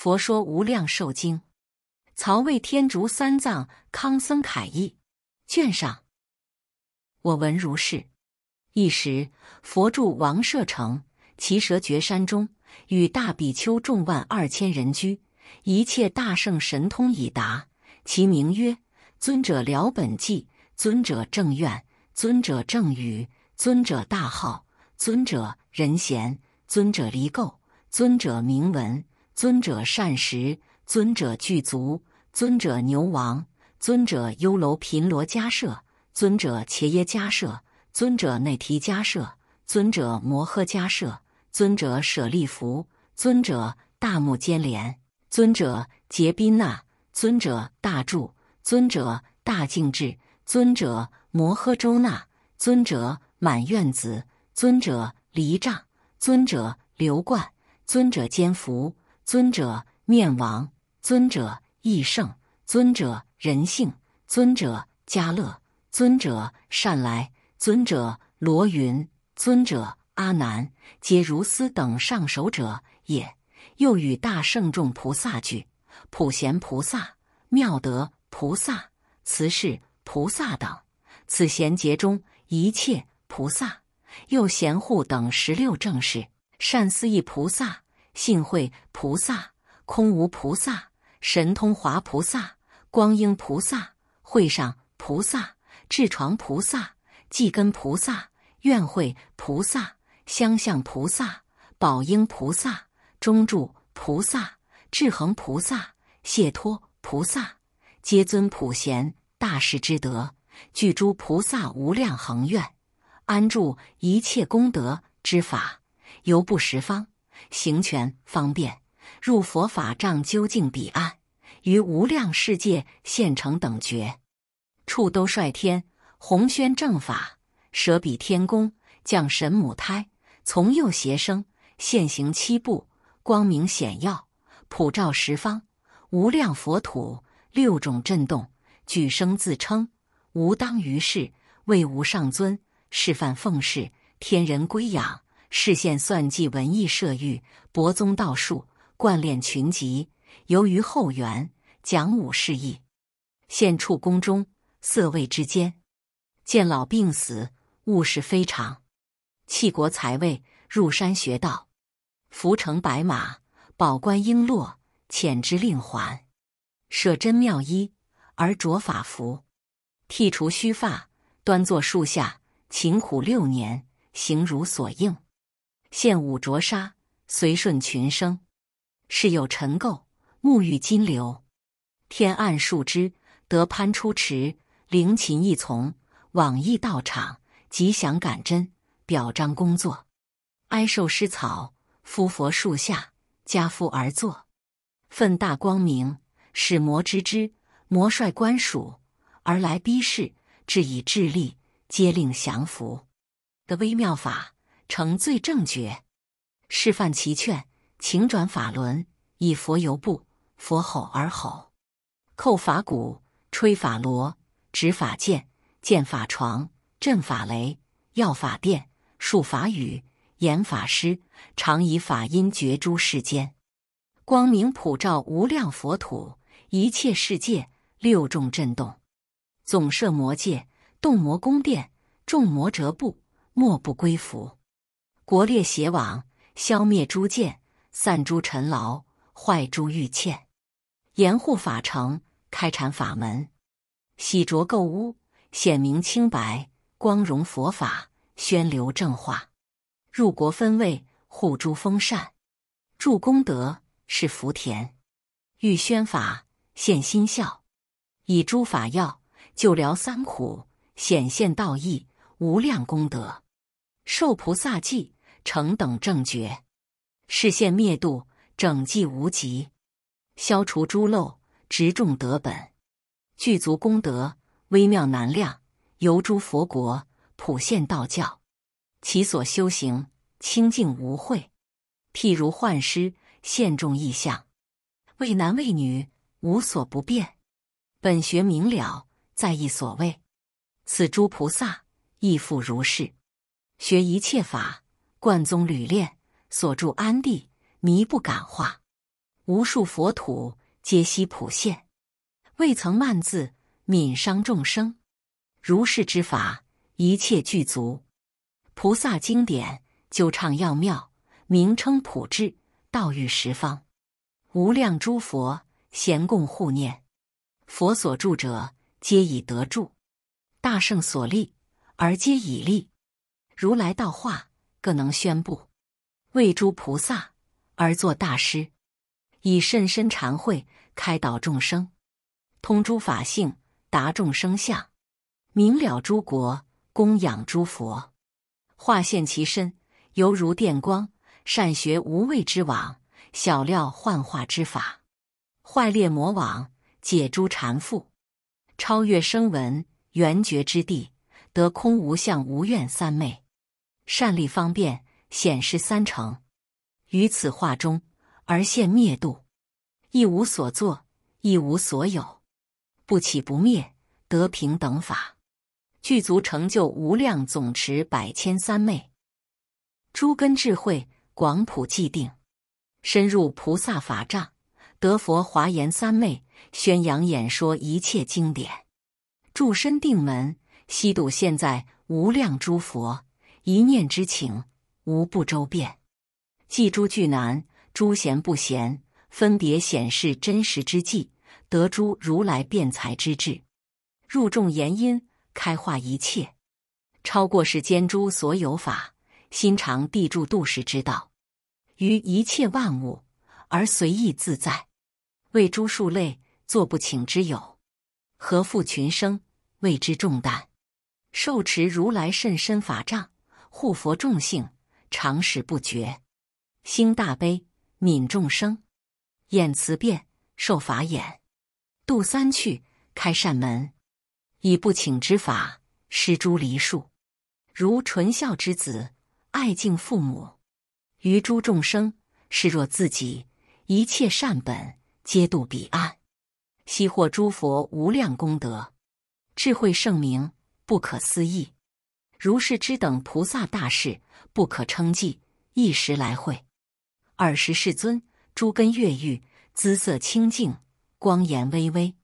佛說無量壽經，曹魏天竺三藏康僧鎧譯，卷上，我聞如是。一時，佛住王舍城其舍絕山中，與大比丘眾萬二千人俱，一切大聖神通已達。其名曰：尊者了本際，尊者正願，尊者正語，尊者大號，尊者仁賢，尊者離垢，尊者名聞。尊者善實，尊者具足，尊者牛王，尊者優樓頻螺迦葉，尊者伽耶迦葉，尊者那提迦葉，尊者摩訶迦葉，尊者舍利弗，尊者大目犍連，尊者劫賓那，尊者大住，尊者大淨志，尊者摩訶周那，尊者滿願子，尊者離障，尊者流灌，尊者堅伏。尊者面王，尊者異乘，尊者仁性，尊者嘉樂，尊者善來，尊者羅雲，尊者阿難，皆如斯等上首者也。又與大乘眾菩薩俱，普賢菩薩、妙德菩薩、慈氏菩薩等，此賢劫中一切菩薩，又賢護等十六正士，善思議菩薩。信慧菩薩、空無菩薩、神通華菩薩、光英菩薩、慧上菩薩、智幢菩薩、寂根菩薩、願慧菩薩、香象菩薩、寶英菩薩、中住菩薩、制行菩薩、解脫菩薩，皆遵普賢大士之德，具諸菩薩無量行願，安住一切功德之法，遊步十方，行權方便，入佛法藏，究竟彼岸，於無量世界現成等覺，處兜率天，弘宣正法，舍彼天宮，降神母胎，從右脅生，現行七步，光明顯曜，普照十方無量佛土，六種振動，舉聲自稱，吾當於世，為無上尊，釋梵奉侍，天人歸仰。示現算計、文藝、射御，博綜道術，貫練群籍，遊於後園講武，試藝。現處宮中，色味之間。見老、病、死，悟世非常，棄國財位，入山學道，服乘白馬，寶冠、瓔珞遣之令還。舍珍妙衣，而着法服。剃除鬚髮，端坐樹下，勤苦六年，行如所應。現五濁剎隨順群生，示有塵垢沐浴金流。天案樹枝得攀出池，靈禽翼從，往詣道場，吉祥感徵表章功祚。哀受施草，敷佛樹下，跏趺而坐，奮大光明，使魔知之、之，魔率官屬而來逼試，制以智力，皆令降伏。得微妙法。成最正覺，釋梵祈勸，請轉法輪，以佛遊步，佛吼而吼，扣法鼓，吹法螺，執法劍，建法幢，震法雷，曜法電，澍法雨，演法施，常以法音覺諸世間，光明普照無量佛土，一切世界六種震動，總攝魔界，動魔宮殿，眾魔懾怖，莫不歸伏。摑裂邪網，消滅諸見，散諸塵勞，壞諸欲塹，嚴護法城，開闡法門，洗濯垢污，顯明清白，光融佛法，宣流正化，入國分衛，獲諸豐膳，貯功德，示福田，欲宣法，現欣笑，以諸法藥，救療三苦，顯現道意無量功德，授菩薩記。成等正覺，示現滅度，拯濟無極，消除諸漏，植眾德本，具足功德，微妙難量，遊諸佛國，普現道教。其所修行，清淨無穢。譬如幻師現眾異像，為男為女，無所不變。本學明了，在意所為。此諸菩薩亦復如是，學一切法。貫綜縷練，所住安諦，靡不感化；無數佛土，皆悉普現，未曾慢恣，愍傷眾生。如是之法，一切具足。菩薩經典，究暢要妙，名稱普至，道御十方，無量諸佛咸共護念。佛所住者，皆已得住；大聖所立，而皆已立。如來道化。各能宣佈為諸菩薩而作大師，以甚深禪慧開導眾生，通諸法性，達眾生相，明了諸國，供養諸佛，化現其身猶如電光，善學無畏之網，曉了幻化之法，壞裂魔網，解諸纏縛，超越聲聞緣覺之地，得空無相無願三昧。善立方便顯示三乘，於此化終而現滅度，亦無所作，亦無所有，不起不滅，得平等法，具足成就無量總持百千三昧，諸根智慧廣普寂定，深入菩薩法藏得佛華嚴三昧，宣揚演說一切經典，住深定門，悉睹現在無量諸佛。一念之頃，無不周遍；濟諸劇難，諸閑不閑，分別顯示真實之際，得諸如來辯才之智，入眾言音，開化一切，超過世間諸所有法，心常諦住度世之道，於一切萬物而隨意自在，為諸庶類作不請之友，荷負群生為之重擔。受持如來甚深法藏。護佛種性，常使不絕；興大悲，憫眾生；演慈辯，授法眼；杜三趣，開善門；以不請之法施諸黎庶，如純孝之子愛敬父母；於諸眾生視若自己，一切善本皆度彼岸；悉獲諸佛無量功德、智慧聖明，不可思議。如是之等菩薩大士，不可稱計。一時來會。爾時世尊，諸根悅豫，姿色清淨，光顏巍巍。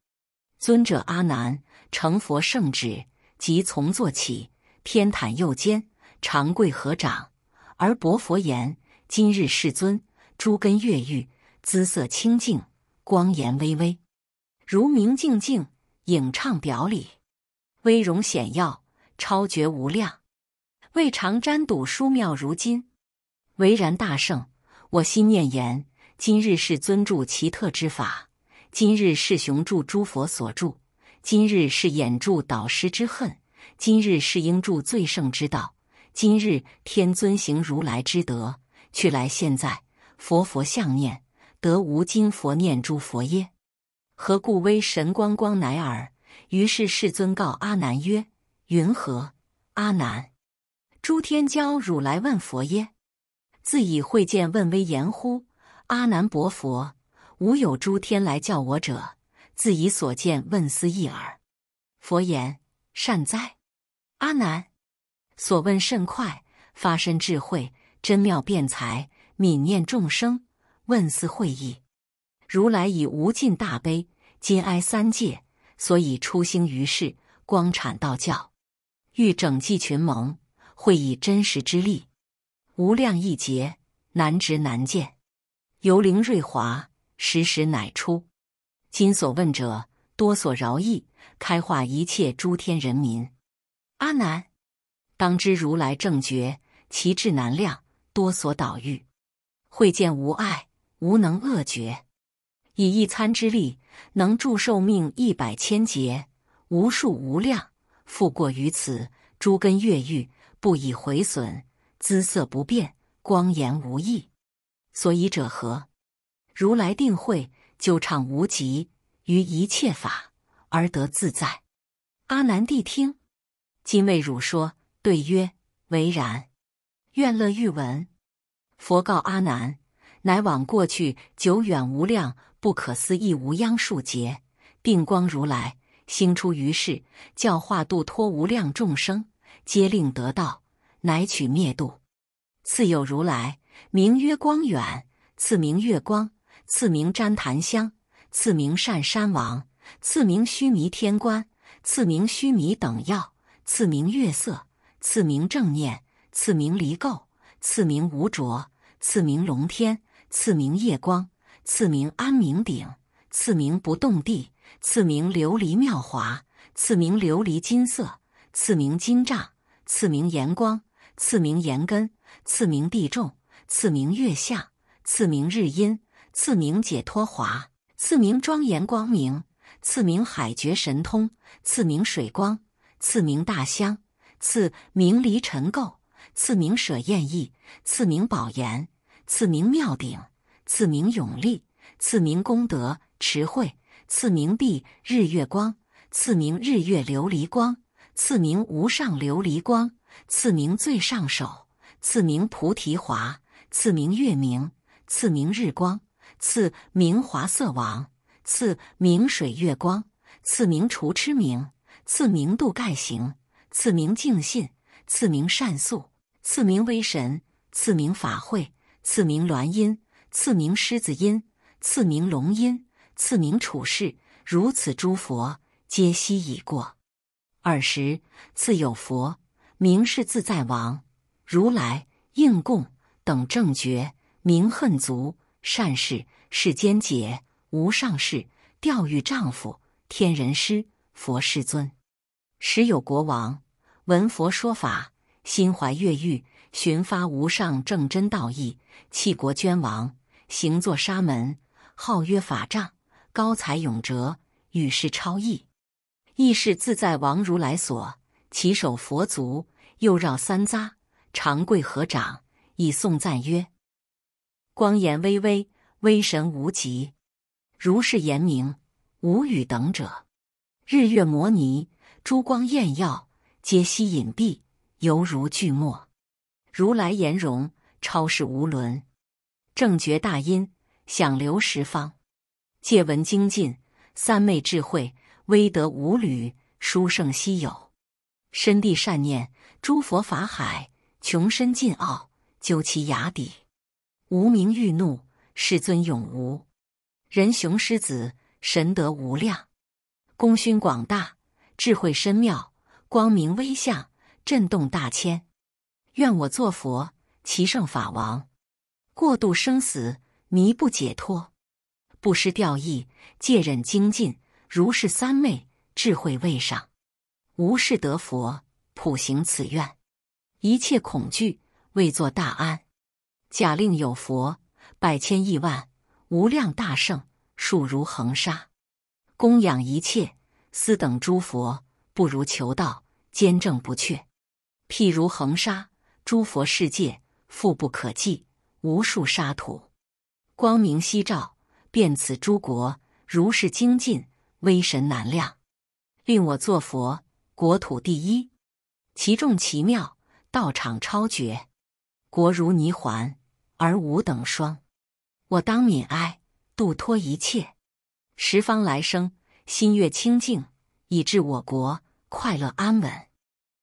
尊者阿難承佛聖旨，即從座起，偏袒右肩，長跪合掌，而白佛言：今日世尊，諸根悅豫，姿色清淨，光顏巍巍，如明鏡淨，影暢表裡，威容顯耀。超絕無量，未常瞻睹殊妙如今。唯然大聖，我心念言：今日世尊住奇特之法，今日世雄住諸佛所住，今日世眼住導師之行，今日世英住最勝之道，今日天尊行如來之德，去來現在，佛佛相念，得無今佛念諸佛耶？何故威神光光乃爾？於是世尊告阿難曰。云何，阿難，諸天教汝來問佛耶？自以慧見問威顏乎？阿難，白佛，無有諸天來教我者，自以所見問斯義耳。佛言：善哉，阿難，所問甚快，發深智慧，真妙辯才，愍念眾生，問斯慧義。如來以無盡大悲，矜哀三界，所以出興於世，光闡道教。欲拯濟群萌，惠以真實之利，無量億劫難值難見，猶靈瑞華時時乃出。今所問者，多所饒益，開化一切諸天人民。阿難，當知如來正覺，其智難量，多所導御，慧見無礙，無能遏絕。以一餐之力，能住壽命億百千劫，無數無量。復過於此，諸根悅豫，不以毀損，姿色不變，光顏無異，所以者何？如來定慧，究暢無極，於一切法而得自在。阿難諦聽，今為汝說。對曰：唯然。願樂欲聞。佛告阿難：乃往過去久遠無量不可思議無央數劫，定光如來，興出於世，教化度脫無量眾生，皆令得道，乃取滅度。次有如來，名曰光遠，次名月光，次名旃檀香，次名善山王，次名須彌天冠，次名須彌等曜，次名月色，次名正念，次名離垢，次名無著，次名龍天，次名夜光，次名安明頂，次名不動地。次名琉璃妙華，次名琉璃金色，次名金藏，次名炎光，次名炎根，次名地種，次名月下，次名日音，次名解脫華，次名莊嚴光明，次名海覺神通，次名水光，次名大香，次名離塵垢，次名舍厭意，次名寶炎，次名妙頂，次名勇立，次名功德持慧。次名蔽日月光，次名日月琉璃光，次名無上琉璃光，次名最上首，次名菩提華，次名月明，次名日光，次名華色王，次名水月光，次名除癡冥，次名度蓋行，次名淨信，次名善宿，次名威神，次名法慧，次名鸞音，次名獅子音，次名龍音。次名處世，如此諸佛皆悉已過。爾時，次有佛名世自在王如來應供等正覺，明行足、善逝、世間解、無上士、調御丈夫、天人師、佛世尊。時有國王聞佛說法，心懷悅豫，尋發無上正真道意，棄國捐王，行作沙門，號曰法藏。高才勇哲，與世超異。亦是自在王如來所，其手佛足，又繞三匝，長跪合掌，以頌贊曰：“光顏巍巍，威神無極。如是言明，無與等者。日月摩尼，珠光焰耀，皆悉隱蔽，猶如巨墨。如來顏容，超世無倫。正覺大音，響流十方。”戒聞精進，三昧智慧，威德無侶，殊勝稀有，深諦善念，諸佛法海，窮深盡奧，究其崖底，無明欲怒，世尊永無，人雄獅子，神德無量，功勳廣大，智慧深妙，光明威相，震動大千，願我作佛，齊聖法王，過度生死，靡不解脫。布施調意，戒忍精進，如是三昧，智慧為上，吾誓得佛，普行此願，一切恐懼，為作大安。假令有佛，百千億萬無量大聖，數如恆沙，供養一切，斯等諸佛，不如求道，堅正不卻。譬如恆沙諸佛世界，復不可計，無數沙土，光明悉照。遍此諸國，如是精進，威神難量，令我作佛，國土第一，其眾奇妙，道場超絕，國如泥洹，而無等雙。我當憫哀，度脫一切十方來生，心悅清淨，以至我國快樂安穩，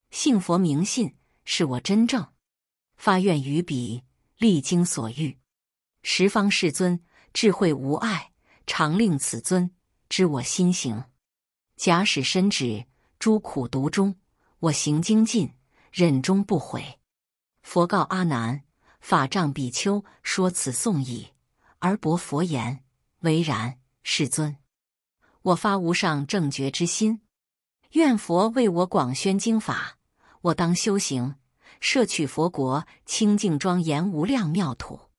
幸佛明信是我真正發願於彼，力精所欲，十方世尊。智慧無礙，常令此尊知我心行。假使身止諸苦毒中，我行精進，忍終不悔。佛告阿難：法藏比丘說此頌已，而白佛言：唯然，世尊，我發無上正覺之心，願佛為我廣宣經法，我當修行，攝取佛國清淨莊嚴無量妙土。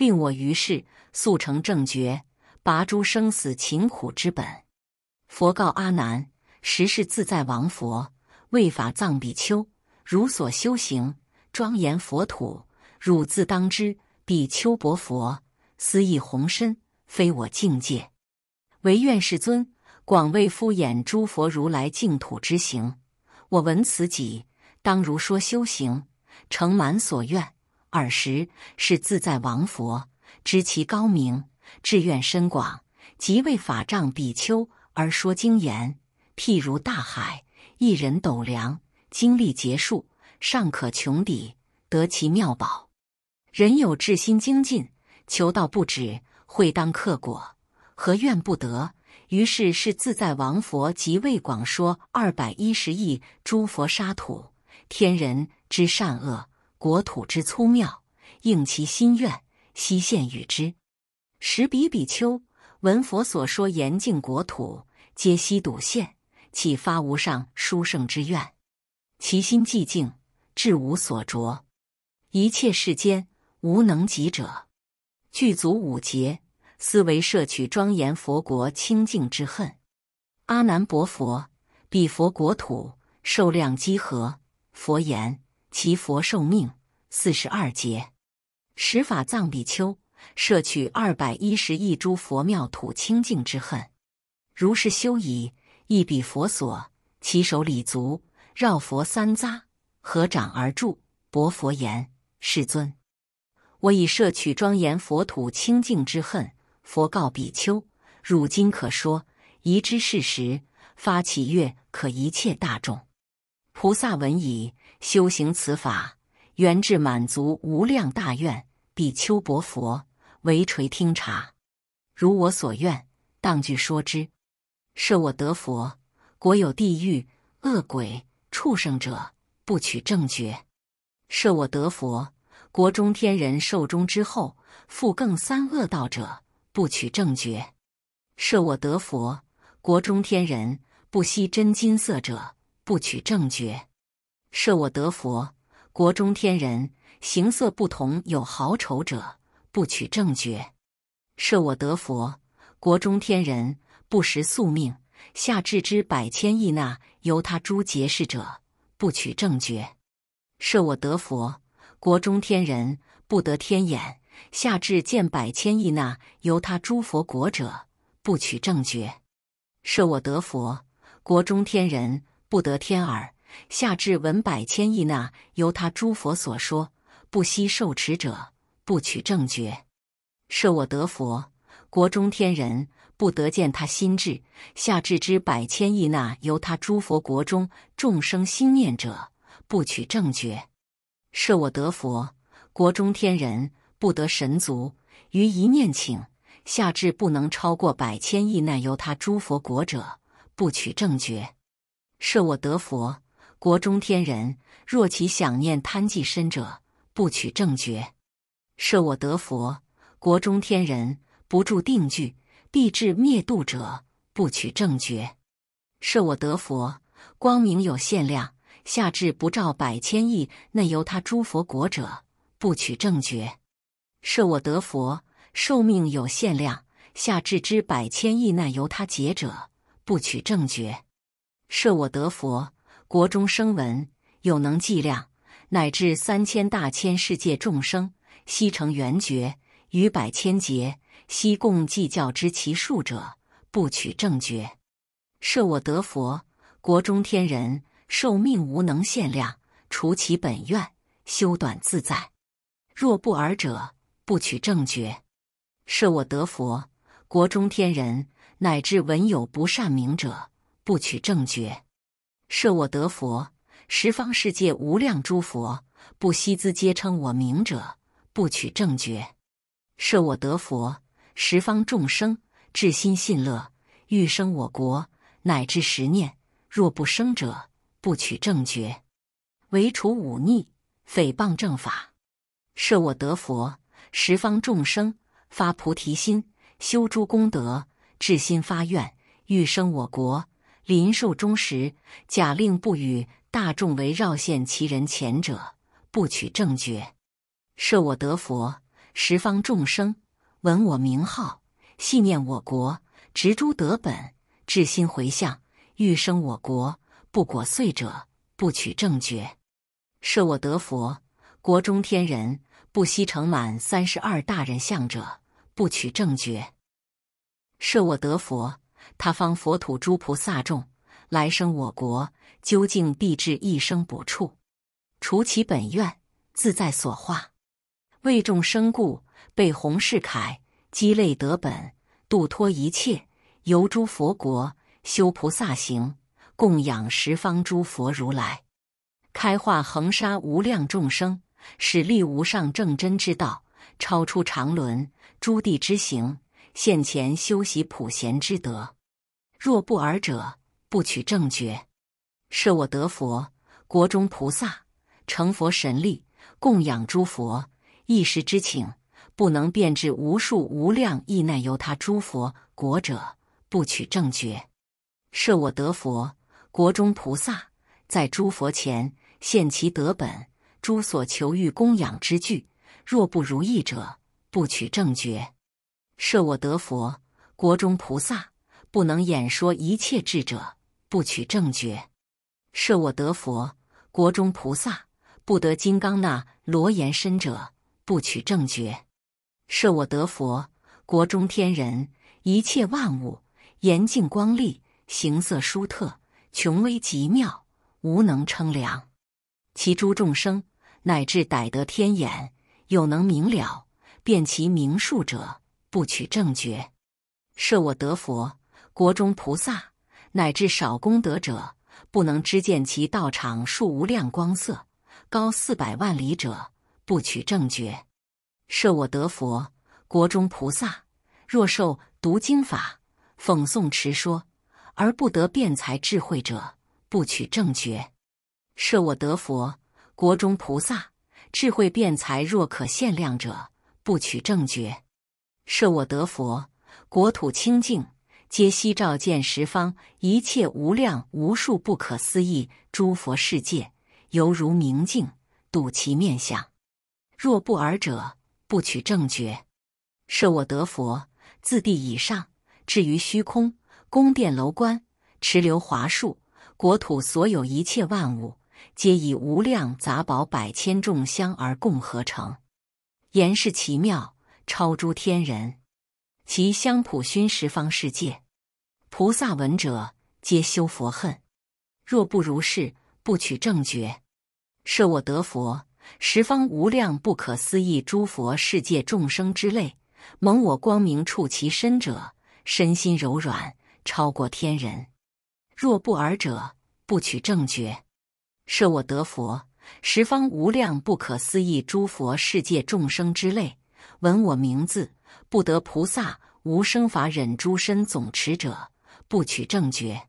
令我於世，速成正覺，拔諸生死勤苦之本。佛告阿難：時世自在王佛，為法藏比丘，如所修行，莊嚴佛土，汝自當之。比丘白佛,佛，斯義弘深，非我境界。唯願世尊，廣為敷演諸佛如來淨土之行。我聞此已，當如說修行，成滿所願。爾時，是自在王佛知其高明，志願深廣，即為法藏比丘而說經言：譬如大海，一人斗量，經歷劫數，尚可窮底，得其妙寶。人有至心精進，求道不止，會當克果，何願不得？於是是自在王佛即為廣說二百一十億諸佛剎土天人之善惡。國土之粗妙，應其心願，悉現與之。時彼比丘聞佛所說，嚴淨國土，皆悉睹現，啟發無上殊勝之願。其心寂靜，至無所着，一切世間無能及者。具足五劫，思維攝取莊嚴佛國清淨之恨。阿難白佛，彼佛國土壽量幾何？佛言。其佛壽命四十二劫，時法藏比丘攝取二百一十億諸佛妙土清淨之恨，如是修已，詣彼佛所，其手禮足，繞佛三匝，合掌而住，白佛言：“世尊，我已攝取莊嚴佛土清淨之恨。”佛告比丘：“汝今可說，宜知是時，發起悅可一切大眾。”菩薩聞已。修行此法，緣致滿足無量大願。比丘白佛：唯垂聽察。如我所願，當具說之。設我得佛，國有地獄、惡鬼、畜生者，不取正覺；設我得佛，國中天人壽終之後，復更三惡道者，不取正覺；設我得佛，國中天人不悉真金色者，不取正覺。設我得佛，國中天人形色不同，有好醜者，不取正覺；設我得佛，國中天人不識宿命，下至知百千億那由他諸劫事者，不取正覺；設我得佛，國中天人不得天眼，下至見百千億那由他諸佛國者，不取正覺；設我得佛，國中天人不得天耳。下至聞百千億那由他諸佛所說，不悉受持者，不取正覺；設我得佛，國中天人不得見他心智，下至知百千億那由他諸佛國中眾生心念者，不取正覺；設我得佛，國中天人不得神足，於一念頃，下至不能超過百千億那由他諸佛國者，不取正覺；設我得佛，國中天人，若其想念貪計身者，不取正覺；設我得佛，國中天人，不住定聚，必至滅度者，不取正覺；設我得佛，光明有限量，下至不照百千億那由他諸佛國者，不取正覺；設我得佛，壽命有限量，下至知百千億那由他劫者，不取正覺；設我得佛。國中聲聞有能計量，乃至三千大千世界眾生，悉成緣覺，於百千劫，悉共計較之其數者，不取正覺。設我得佛，國中天人壽命無能限量，除其本願，修短自在。若不爾者，不取正覺。設我得佛，國中天人乃至聞有不善名者，不取正覺。設我得佛，十方世界無量諸佛不悉諮，皆稱我名者，不取正覺；設我得佛，十方眾生至心信樂，欲生我國，乃至十念，若不生者，不取正覺。唯除五逆、誹謗正法。設我得佛，十方眾生發菩提心，修諸功德，至心發願，欲生我國。臨壽終時，假令不與大眾圍繞現其人前者，不取正覺；設我得佛，十方眾生聞我名號，繫念我國，植諸德本，至心回向，欲生我國，不果遂者，不取正覺；設我得佛，國中天人不悉成滿三十二大人相者，不取正覺；設我得佛。他方佛土諸菩薩眾來生我國，究竟必至一生補處，除其本願自在所化，為眾生故，被弘誓鎧，積累德本，度脫一切，遊諸佛國，修菩薩行，供養十方諸佛如來，開化恆沙無量眾生，使立無上正真之道，超出常倫諸地之行。現前修習普賢之德，若不爾者，不取正覺。設我得佛國中菩薩成佛神力，供養諸佛一時之請，不能遍至無數無量億難由他諸佛國者，不取正覺。設我得佛國中菩薩，在諸佛前現其德本，諸所求欲供養之具，若不如意者，不取正覺。設我得佛國中菩薩，不能演說一切智者，不取正覺；設我得佛國中菩薩，不得金剛那羅延身者，不取正覺；設我得佛國中天人一切萬物，嚴淨光麗，形色殊特，窮微極妙，無能稱量。其諸眾生，乃至逮得天眼，有能明了，辨其名數者，不取正覺，設我得佛國中菩薩乃至少功德者，不能知見其道場樹無量光色，高四百萬里者，不取正覺。設我得佛國中菩薩，若受讀經法諷誦持說而不得辯才智慧者，不取正覺。設我得佛國中菩薩智慧辯才若可限量者，不取正覺。設我得佛，國土清淨，皆悉照見十方一切無量無數不可思議諸佛世界，猶如明鏡，睹其面相。若不爾者，不取正覺。設我得佛，自地以上至於虛空，宮殿樓觀，池流華樹，國土所有一切萬物，皆以無量雜寶百千眾香而共合成，言是奇妙。超諸天人，其香普熏十方世界，菩薩聞者皆修佛恨。若不如是，不取正覺。設我得佛，十方無量不可思議諸佛世界眾生之類，蒙我光明觸其身者，身心柔軟，超過天人。若不爾者，不取正覺。設我得佛，十方無量不可思議諸佛世界眾生之類。聞我名字，不得菩薩無生法忍諸身總持者，不取正覺。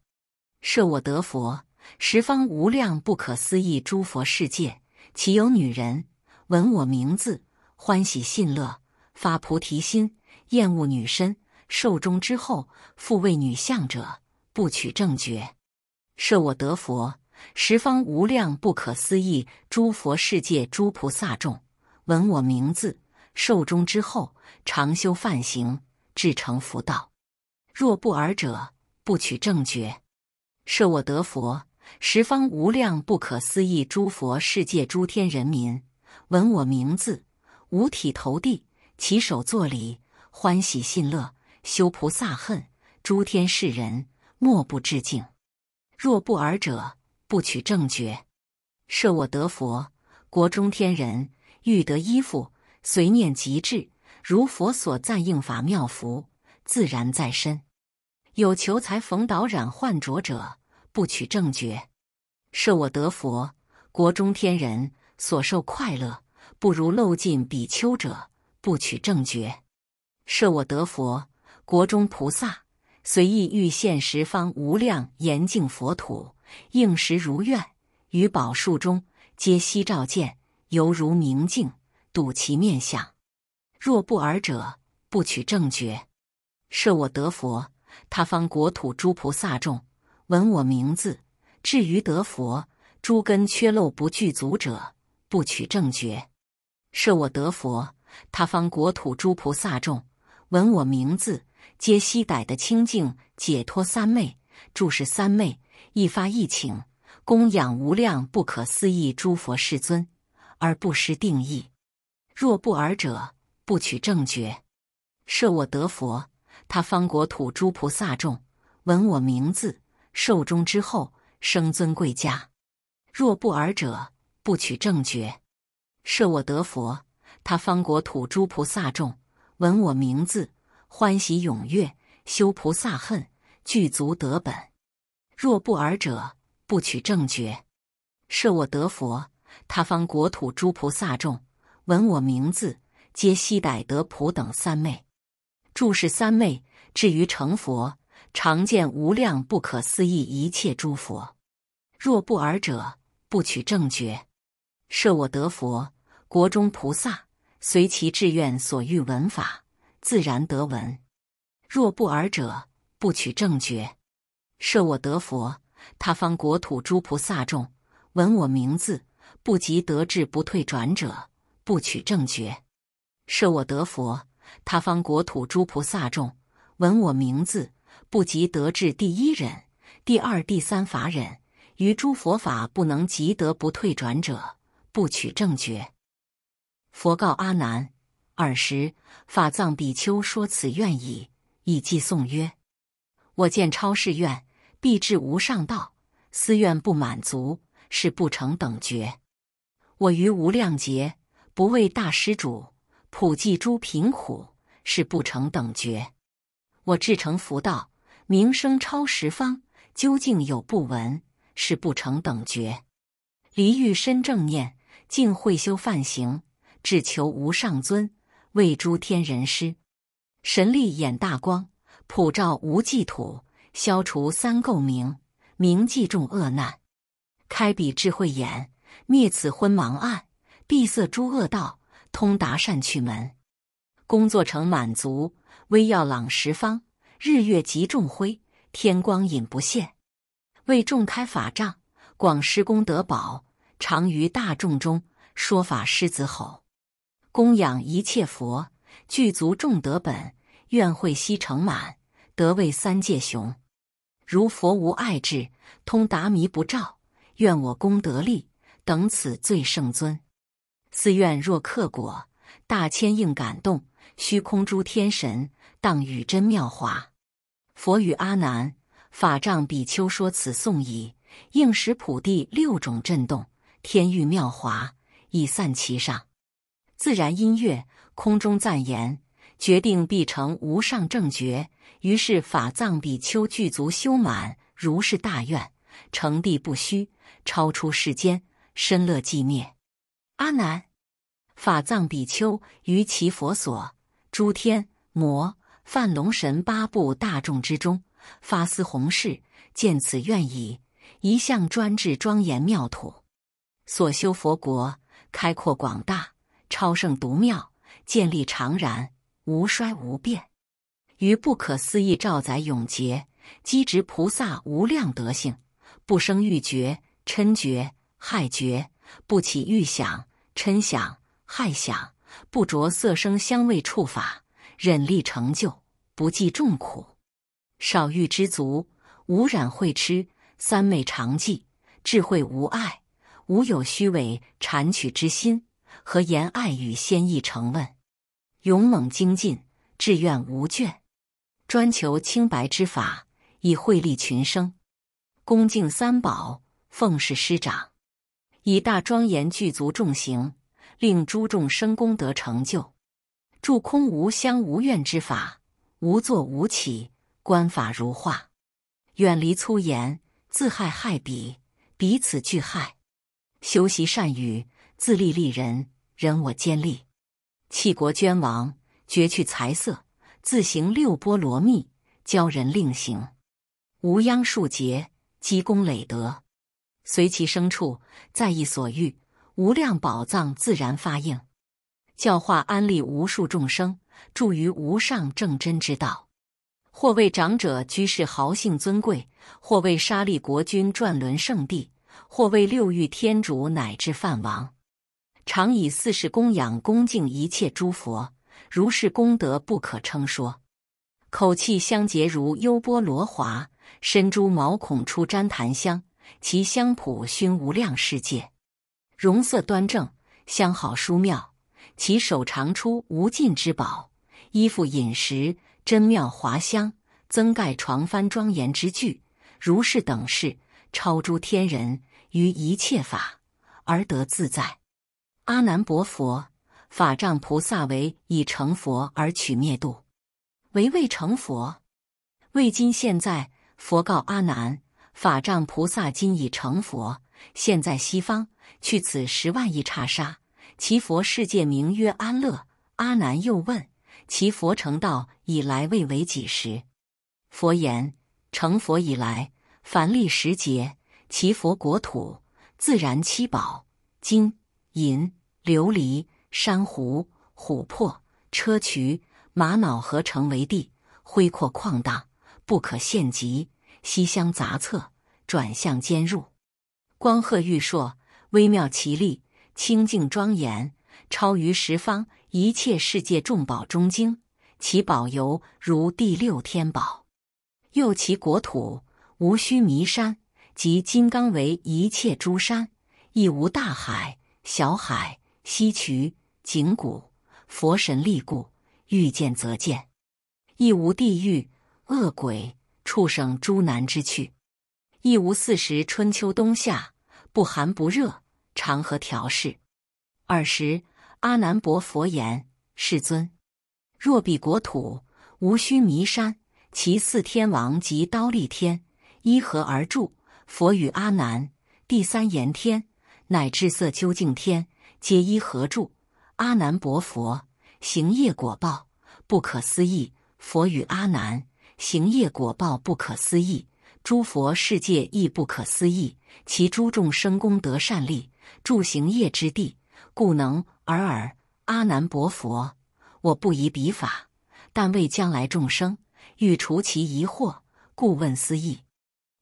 設我得佛，十方無量不可思議諸佛世界，其有女人聞我名字，歡喜信樂，發菩提心，厭惡女身，壽終之後復為女相者，不取正覺。設我得佛，十方無量不可思議諸佛世界諸菩薩眾，聞我名字。壽終之後，常修梵行，至成佛道。若不爾者，不取正覺。設我得佛，十方無量不可思議諸佛世界諸天人民，聞我名字，五體投地，稽首作禮，歡喜信樂，修菩薩恨，諸天世人莫不致敬。若不爾者，不取正覺。設我得佛，國中天人欲得衣服。隨念即至，如佛所讚應法妙服，自然在身。有求裁縫擣染浣濯者，不取正覺；設我得佛，國中天人所受快樂，不如漏盡比丘者，不取正覺。設我得佛，國中菩薩隨意欲現十方無量嚴淨佛土，應時如願，於寶樹中皆悉照見，猶如明鏡。睹其面像，若不爾者，不取正覺。設我得佛，他方國土諸菩薩眾，聞我名字，至於得佛，諸根缺陋不具足者，不取正覺。設我得佛，他方國土諸菩薩眾，聞我名字，皆悉逮得清淨解脫三昧，住是三昧，一發意頃，供養無量不可思議諸佛世尊，而不失定意。若不爾者，不取正覺。設我得佛，他方國土諸菩薩眾，聞我名字，壽終之後，生尊貴家。若不爾者，不取正覺。設我得佛，他方國土諸菩薩眾，聞我名字，歡喜踊躍，修菩薩行，具足德本。若不爾者，不取正覺。設我得佛，他方國土諸菩薩眾。聞我名字，皆悉逮得普等三昧。住是三昧，至於成佛，常見無量不可思議一切諸佛。若不爾者，不取正覺。設我得佛，國中菩薩隨其志願，所欲聞法，自然得聞。若不爾者，不取正覺。設我得佛，他方國土諸菩薩眾，聞我名字，不即得至不退轉者。不取正覺，設我得佛，他方國土諸菩薩眾，聞我名字，不及得至第一忍、第二、第三法忍，於諸佛法不能及得，不退轉者，不取正覺。佛告阿難：爾時法藏比丘說此願已，以偈頌曰：我見超世願，必至無上道。思願不滿足，是不成等覺。我於無量劫。不為大施主，普濟諸貧苦，誓不成等覺。我至成佛道，名聲超十方。究竟有不聞，誓不成等覺。離欲深正念，淨慧修梵行，志求無上尊，為諸天人師。神力演大光，普照無際土，消除三垢冥，明濟眾厄難。開彼智慧眼，滅此昏盲暗。.閉塞諸惡道，通達善趣門。功祚成滿足，威曜朗十方，日月戢重暉，天光隱不現。為眾開法藏，廣施功德寶，常於大眾中，說法師子吼，供養一切佛，具足眾德本，願慧悉成滿，得為三界雄。如佛無礙智，通達靡不照，願我功德力，等此最勝尊。斯願若剋果，大千應感動，虛空諸天神，當雨珍妙華。佛語阿難，法藏比丘說此頌已，應時普地六種震動，天雨妙華以散其上，自然音樂空中讚言，決定必成無上正覺。於是法藏比丘具足修滿如是大願，誠諦不虛，超出世間，深樂寂滅。阿難，法藏比丘於其佛所，諸天魔梵范龍神八部大眾之中，發思弘誓，見此願已，一向專志莊嚴妙土，所修佛國開闊廣大，超勝獨妙，建立常然，無衰無變，於不可思議兆載永劫，積植菩薩無量德性，不生欲覺、嗔覺、害覺，不起欲想。嗔想、害想，不着色聲香味觸法，忍力成就，不計眾苦，少欲知足，無染慧癡，三昧常寂，智慧無礙，無有虛偽諂曲之心，和言愛語，先意承問，勇猛精進，志願無倦，專求清白之法，以惠利群生，恭敬三寶，奉事師長。以大莊嚴具足眾行，令諸眾生功德成就，住空無相無願之法，無作無起，觀法如化，遠離粗言，自害害彼，彼此俱害。修習善語，自利利人，人我兼利。棄國捐王，絕去財色，自行六波羅蜜，教人令行，無央數劫，積功累德。隨其生處，在意所欲，無量寶藏自然發應，教化安立無數眾生，住於無上正真之道。或為長者、居士、豪姓尊貴；或為沙利國君、轉輪聖帝，或為六欲天主，乃至梵王。常以四事供養恭敬一切諸佛，如是功德不可稱說。口氣香潔如優波羅華，身諸毛孔出旃檀香。其香普熏無量世界，容色端正，相好殊妙。其手常出無盡之寶，衣服飲食珍妙華香，繒蓋幢幡莊嚴之具，如是等事，超諸天人，於一切法而得自在。阿難白佛，彼佛法藏菩薩為已成佛而取滅度？為未成佛？為今現在？佛告阿難。法藏菩薩今已成佛，現在西方去此十萬億剎殺，其佛世界名曰安樂。阿難又問：其佛成道以來，未為幾時？佛言：成佛以來，凡歷十劫。其佛國土自然七寶、金銀、琉璃珊、珊瑚、琥珀、硨磲、瑪瑙合成為地，恢廓曠蕩，不可限極。悉相雜厠，轉相間入，光赫煜爍，微妙奇麗，清淨莊嚴，超踰十方一切世界眾寶中精，其寶猶如第六天寶。又其國土無須彌山及金剛圍一切諸山，亦無大海、小海、溪渠、井谷。佛神力故，欲見則見，亦無地獄餓鬼、畜生諸難之趣，亦無四時，春秋冬夏，不寒不熱，常和調適。爾時，阿難白佛言：“世尊，若彼國土無須彌山，其四天王及忉利天，依何而住？佛語阿難，第三炎天乃至色究竟天，皆依何住？阿難白佛，行業果報不可思議。佛語阿難。”行業果報不可思議，諸佛世界亦不可思議。其諸眾生功德善力住行業之地，故能爾爾。阿難白佛，我不疑此法，但為將來眾生欲除其疑惑，故問斯義。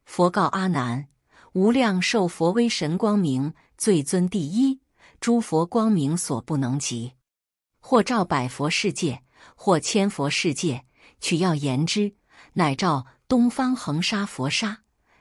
佛告阿難：無量壽佛威神光明最尊第一，諸佛光明所不能及。或照百佛世界，或千佛世界。取要言之。乃照東方恆沙佛剎，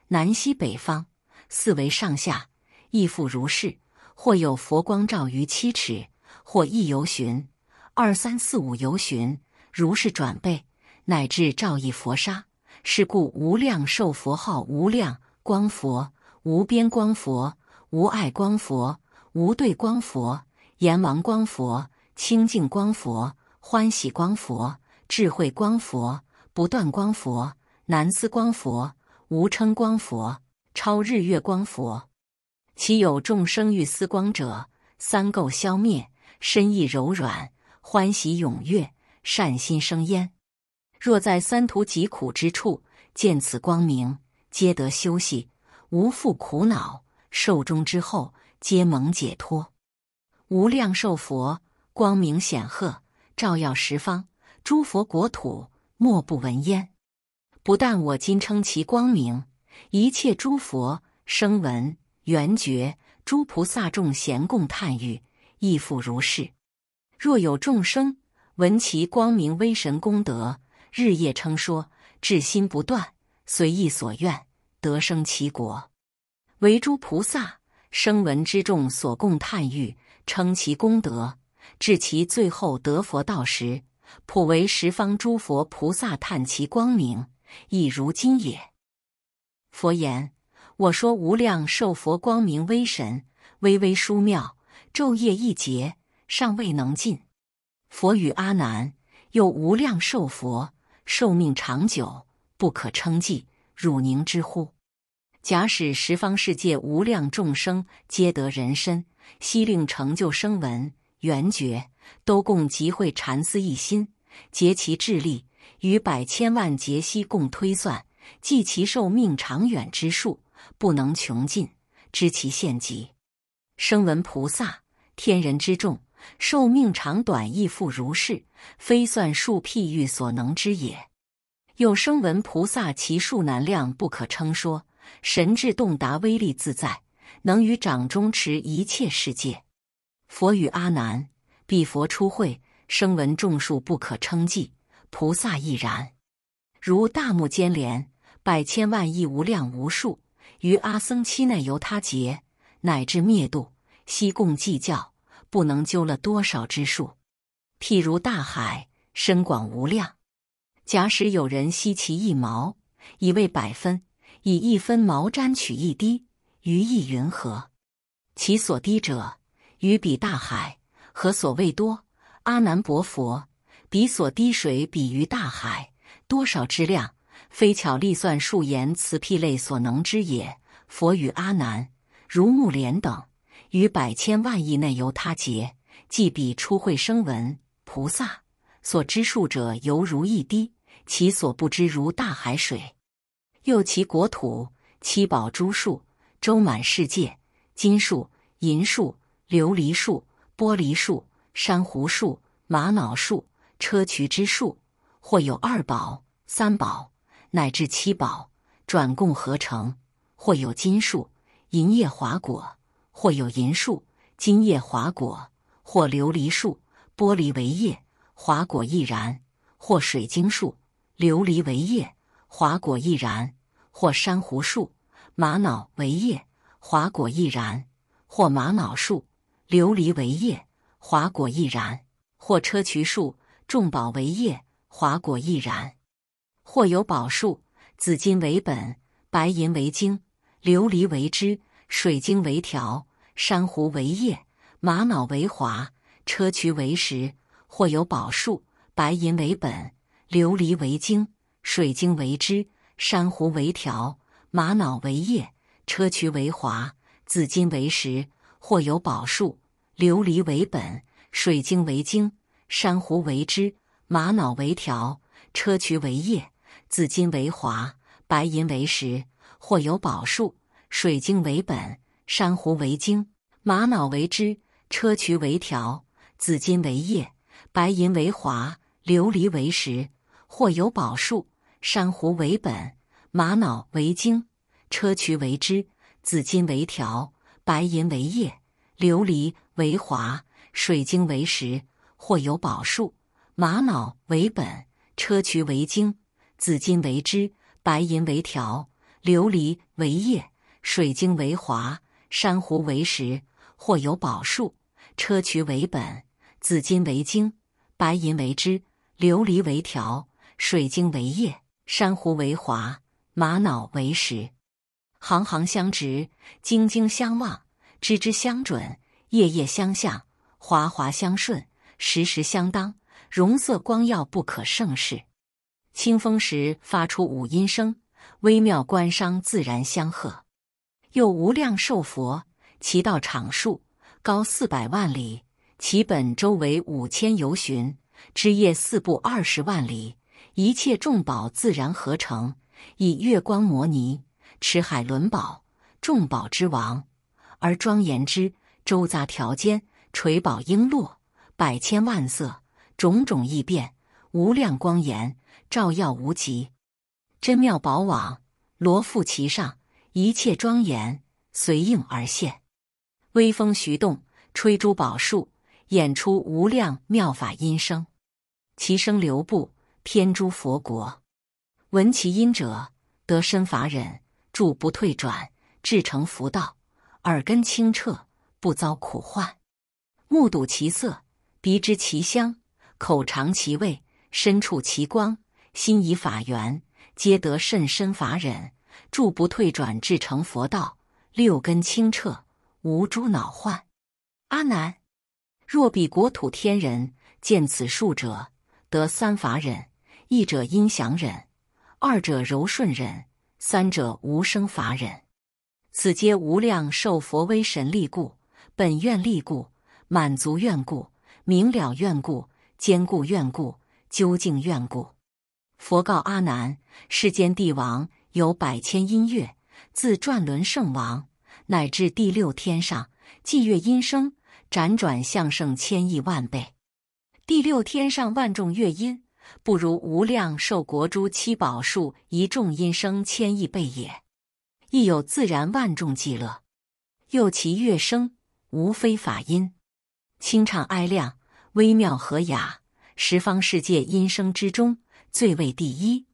南西北方，四維上下，亦復如是。或有佛光照於七尺，或一由旬，二三四五由旬，如是轉倍，乃至照一佛剎。是故無量壽佛號無量光佛，無邊光佛，無礙光佛，無對光佛，炎王光佛，清淨光佛，歡喜光佛，智慧光佛。不斷光佛，難思光佛，無稱光佛，超日月光佛。其有眾生遇斯光者，三垢消滅，身意柔軟，歡喜踊躍，善心生焉。若在三途疾苦之處，見此光明，皆得休息，無復苦惱。壽終之後，皆蒙解脫。無量壽佛，光明顯赫，照耀十方諸佛國土。莫不聞焉。不但我今稱其光明，一切諸佛聲聞緣覺諸菩薩眾鹹共嘆譽，亦復如是。若有眾生聞其光明威神功德，日夜稱說，至心不斷，隨意所願，得生其國。為諸菩薩聲聞之眾所共嘆譽，稱其功德，至其最後得佛道時。普為十方諸佛菩薩歎其光明，亦如今也。佛言：我說無量壽佛光明威神，巍巍殊妙，晝夜一劫尚未能盡。佛語，阿難，又無量壽佛壽命長久，不可稱計，汝寧知乎？假使十方世界無量眾生皆得人身，悉令成就聲聞、緣覺。都共集會禪思一心，竭其智力，於百千萬劫悉共推算，計其壽命長遠之數，不能窮盡，知其限極。聲聞菩薩天人之眾，壽命長短亦復如是，非算數譬喻所能知也。又聲聞菩薩，其數難量，不可稱說，神智洞達，威力自在，能於掌中持一切世界。佛與阿難。彼佛初會，聲聞眾數不可稱計，菩薩亦然。如大目犍連，百千萬億無量無數，於阿僧祇內由他劫，乃至滅度，悉共計較，不能究了多少之數。譬如大海，深廣無量。假使有人吸其一毛，以為百分，以一分毛沾取一滴，於意云何？其所滴者，於彼大海。何所謂多？阿難白佛：彼所滴水，比於大海多少之量，非巧曆算數言辭譬類所能知也。佛與阿難如目連等，於百千萬億那由他劫，既彼初會聲聞菩薩所知數者，猶如一滴，其所不知如大海水。又其國土七寶諸樹周滿世界，金樹、銀樹、琉璃樹。玻璃樹、珊瑚樹、瑪瑙樹、硨磲之樹，或有二寶、三寶，乃至七寶轉共合成；或有金樹、銀葉華果；或有銀樹、金葉華果；或琉璃樹、玻璃為葉華果亦然；或水晶樹、琉璃為葉華果亦然；或珊瑚樹、瑪瑙為葉華果亦然；或瑪瑙樹，琉璃為葉，華果亦然；或車渠樹，眾寶為葉，華果亦然。或有寶樹，紫金為本，白銀為莖，琉璃為枝，水晶為條，珊瑚為葉，瑪瑙為華，車渠為實。或有寶樹，白銀為本，琉璃為莖，水晶為枝，珊瑚為條，瑪瑙為葉，車渠為華，紫金為實。或有寶樹，琉璃為本，水晶為莖，珊瑚為枝，瑪瑙為條，硨磲為葉，紫金為華，白銀為實。或有寶樹，水晶為本，珊瑚為莖，瑪瑙為枝，硨磲為條，紫金為葉，白銀為華，琉璃為實。或有寶樹，珊瑚為本，瑪瑙為莖，硨磲為枝，紫金為條，白銀為葉。琉璃為華，水晶為實。或有寶樹，瑪瑙為本，硨磲為晶，紫金為枝，白銀為條，琉璃為葉，水晶為華，珊瑚為實。或有寶樹，硨磲為本，紫金為晶，白銀為枝，琉璃為條，水晶為葉，珊瑚為華，瑪瑙為實，行行相值，晶晶相望。枝枝相準，葉葉相向，華華相順，時時相當，容色光耀，不可勝視。清風時發出五音聲，微妙宮商自然相和。又無量壽佛，其道場樹高四百萬里，其本周圍五千由旬，枝葉四布二十萬里，一切眾寶自然合成。以月光摩尼持海輪寶，眾寶之王。而莊嚴之，周匝條間垂寶瓔珞，百千萬色，種種異變，無量光顏，照耀無極。真妙寶網羅覆其上，一切莊嚴隨應而現。微風徐動，吹諸寶樹，演出無量妙法音聲，其聲流布，遍諸佛國。聞其音者，得身法忍，住不退轉，至成佛道。耳根清澈，不遭苦患；目睹其色，鼻知其香，口嘗其味，身觸其光，心以法緣，皆得甚深法忍，住不退轉，至成佛道。六根清澈，無諸惱患。阿難，若彼國土天人見此樹者，得三法忍：一者音響忍，二者柔順忍，三者無生法忍。此皆無量壽佛威神力故，本願力故，滿足願故，明了願故，堅固願故，究竟願故。佛告阿難：世間帝王有百千音樂，自轉輪聖王乃至第六天上，伎樂音聲，輾轉相勝千億萬倍。第六天上萬眾樂音，不如無量壽國諸七寶樹一眾音聲千億倍也。亦有自然萬眾伎樂，又其樂聲無非法音，清暢哀亮，微妙和雅，十方世界音聲之中最為第一。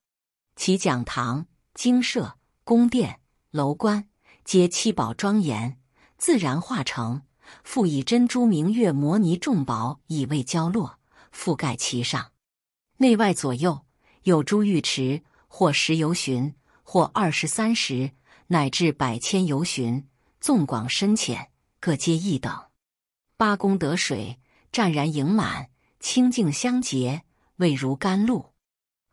其講堂、精舍、宮殿、樓觀，皆七寶莊嚴，自然化成，復以珍珠、明月、摩尼眾寶以為交落，覆蓋其上。內外左右有諸浴池，或十由旬，或二十三十。乃至百千由旬，縱廣深淺，各皆一等。八功德水湛然盈滿，清淨香潔，味如甘露。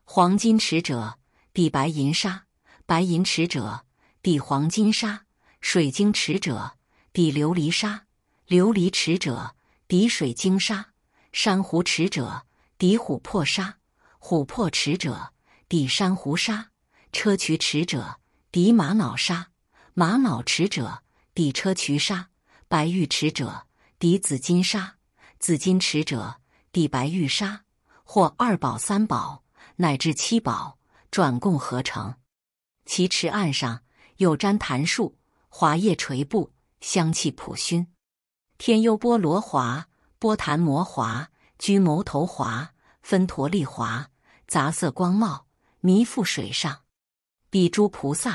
黃金池者，底白銀沙；白銀池者，底黃金沙；水晶池者，底琉璃沙；琉璃池者，底水晶沙；珊瑚池者，底琥珀沙；琥珀池者，底珊瑚沙；硨磲池者。滌瑪瑙沙，瑪瑙池者，底車渠沙，白玉池者，底紫金沙，紫金池者，底白玉沙，或二寶、三寶乃至七寶轉供合成。其池岸上有粘檀樹、華葉垂布，香氣朴熏。天優波羅華、波檀摩華、居牟頭華、分陀利華，雜色光茂，弥覆水上。彼諸菩薩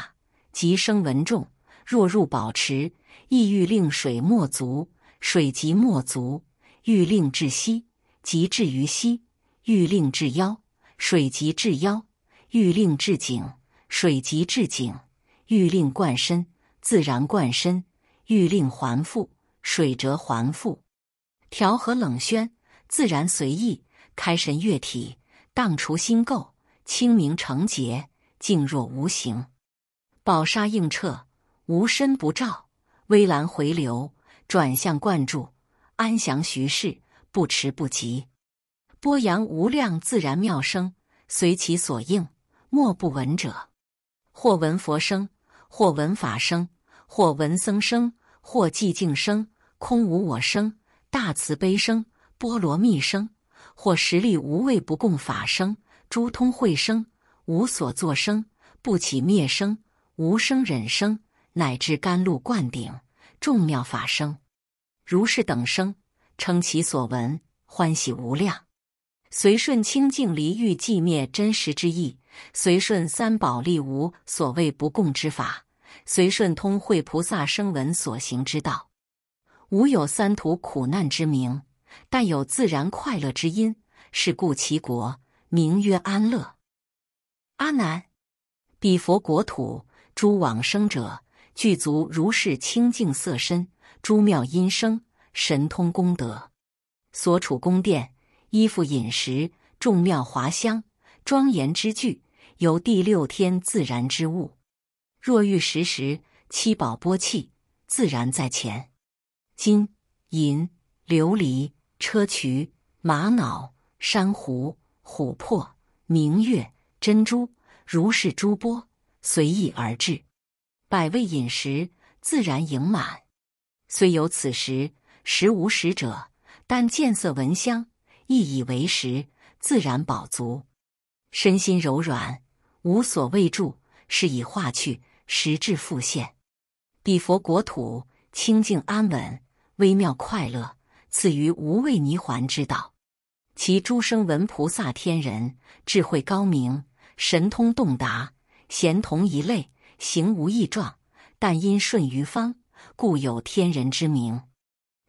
及聲聞眾，若入寶池，意欲令水沒足，水即沒足；欲令至膝，即至於膝；欲令至腰，水即至腰；欲令至頸，水即至頸；欲令灌身，自然灌身；欲令還復，水輒還復。調和冷煖，自然隨意，開神悅體，蕩除心垢，清明澄潔。靜若無形，寶沙映徹，無身不照；微瀾回流，轉向灌注，安詳徐逝，不遲不疾。波揚無量，自然妙聲，隨其所應，莫不聞者。或聞佛聲，或聞法聲，或聞僧聲，或寂靜聲，空無我聲，大慈悲聲，波羅蜜聲，或十力無畏不共法聲，諸通慧聲。無所作生，不起滅生，無生忍生，乃至甘露灌頂，眾妙法生，如是等生，稱其所聞，歡喜無量。隨順清淨離欲寂滅真實之意，隨順三寶力無所謂不共之法，隨順通慧菩薩聲聞所行之道，無有三途苦難之名，但有自然快樂之因，是故其國名曰安樂。阿難，彼佛國土諸往生者，具足如是清淨色身；諸妙音聲、神通功德，所處宮殿、衣服飲食、眾妙華香、莊嚴之具，由第六天自然之物。若欲食時七寶鉢器，自然在前：金銀、琉璃、硨磲、瑪瑙珊珊、珊瑚、琥珀、明月。真珠如是眾缽隨意而至，百味飲食自然盈滿。雖有此食，實無食者，但見色聞香，亦以為食，自然飽足。身心柔軟，無所味著，事已化去，時至復現。彼佛國土清淨安穩，微妙快樂，次於無為泥洹之道。其諸聲聞菩薩天人，智慧高明。神通洞達，咸同一類，形無異狀，但因順餘方，故有天人之名。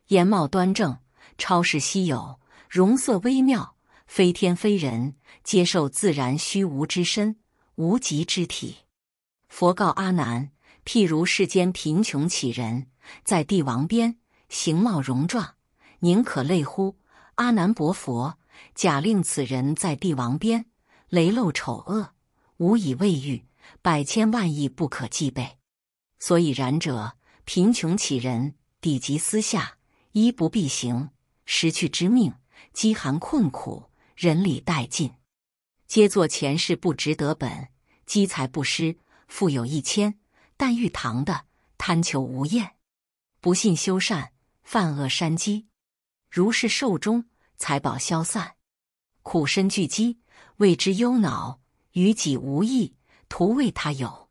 顏貌端正，超世稀有，容色微妙，非天非人，皆受自然虛無之身，無極之體。佛告阿難：譬如世間貧窮乞人，在帝王邊，形貌容狀，寧可類乎？阿難白佛，佛佛假令此人在帝王邊。雷露醜惡，無以為喻，百千萬億不可計倍，所以然者，貧窮乞人，底極私下，衣不蔽形，失去之命，飢寒困苦，人理殆盡，皆坐前世不殖德本，積財不施，富有一千，但欲堂的貪求無厭，不信修善，犯惡山積，如是壽終，財寶消散，苦身聚積。謂之憂惱，於己無益，徒為他有。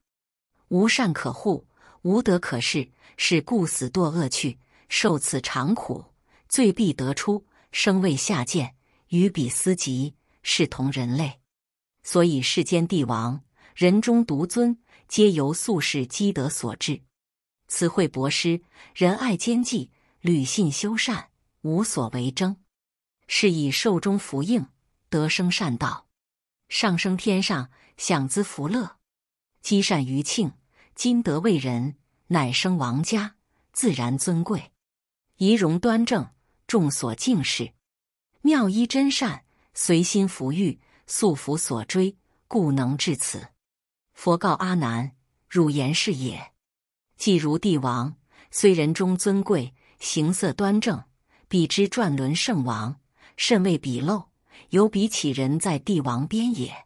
無善可怙，無德可恃，是故死墮惡趣，受此長苦，罪畢得出。生為下賤，愚鄙斯極，示同人類。所以世間帝王，人中獨尊，皆由宿世積德所致。慈惠博施，仁愛兼濟，履信修善，無所違諍，是以壽終福應，得生善道。上升天上，享茲福樂，積善餘慶，今得為人，乃生王家，自然尊貴，儀容端正，眾所敬事。妙衣真善，隨心服欲，素福所追，故能至此。佛告阿難：汝言是也。既如帝王，雖人中尊貴，形色端正，比之轉輪聖王，甚為鄙陋。有彼乞人，在帝王邊也。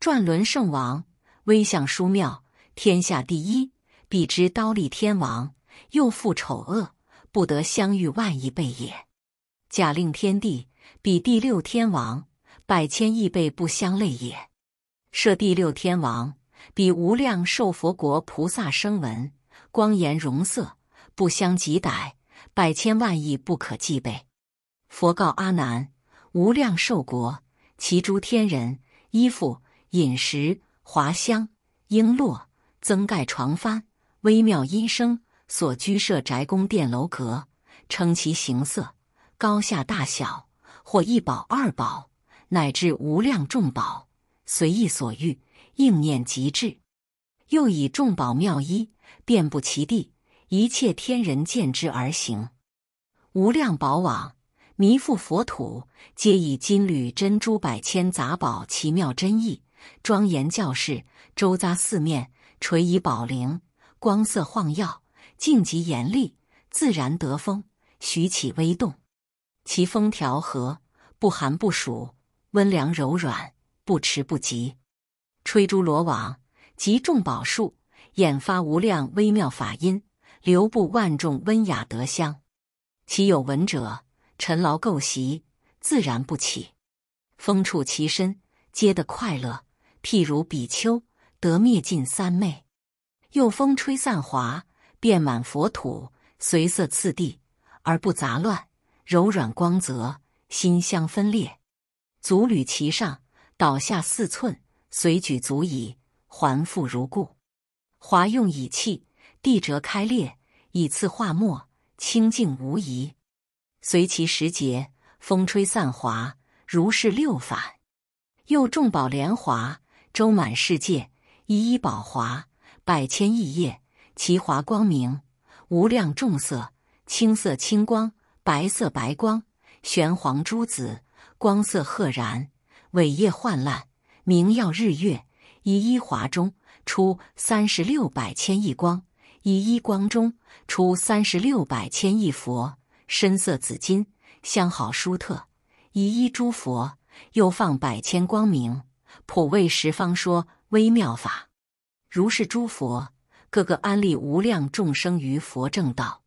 轉輪聖王威相殊妙，天下第一。比之忉利天王，又復醜惡，不得相喻萬億倍也。假令天帝，比第六天王，百千億倍不相類也。設第六天王，比無量壽佛國菩薩聲聞光顏容色，不相及逮，百千萬億不可計倍。佛告阿難。無量壽國，其諸天人衣服飲食、華香、瓔珞、繒蓋、幢幡、微妙音聲、所居舍宅、宮殿樓閣，稱其形色，高下大小，或一寶二寶，乃至無量眾寶，隨意所欲，應念即至。又以眾寶妙衣遍布其地，一切天人踐之而行。無量寶網。彌覆佛土，皆以金縷、珍珠、百千雜寶、奇妙珍異，莊嚴校飾，周匝四面，垂以寶鈴，光色晃耀，盡極嚴麗，自然德風，徐起微動，其風調和，不寒不暑，溫涼柔軟，不遲不疾。吹諸羅網及眾寶樹，演發無量微妙法音，流布萬種，溫雅德香，其有聞者，塵勞垢習，自然不起；風觸其身，皆得快樂。譬如比丘得滅盡三昧，又風吹散華，遍滿佛土，隨色次第而不雜亂，柔軟光澤，馨香分裂。足履其上，倒下四寸，隨舉足矣，還復如故。華用以器，地輒開裂，以次化末，清淨無疑。隨其時節，風吹散華，如是六反。又眾寶蓮華周滿世界，一一寶華，百千億葉，其華光明，無量眾色：青色青光，白色白光，玄黃朱紫，光色赫然，煒燁煥爛，明曜日月。一一華中出三十六百千億光，一一光中出三十六百千億佛。身色紫金，相好殊特，一一諸佛，又放百千光明，普為十方說微妙法。如是諸佛，各個安立無量眾生於佛正道。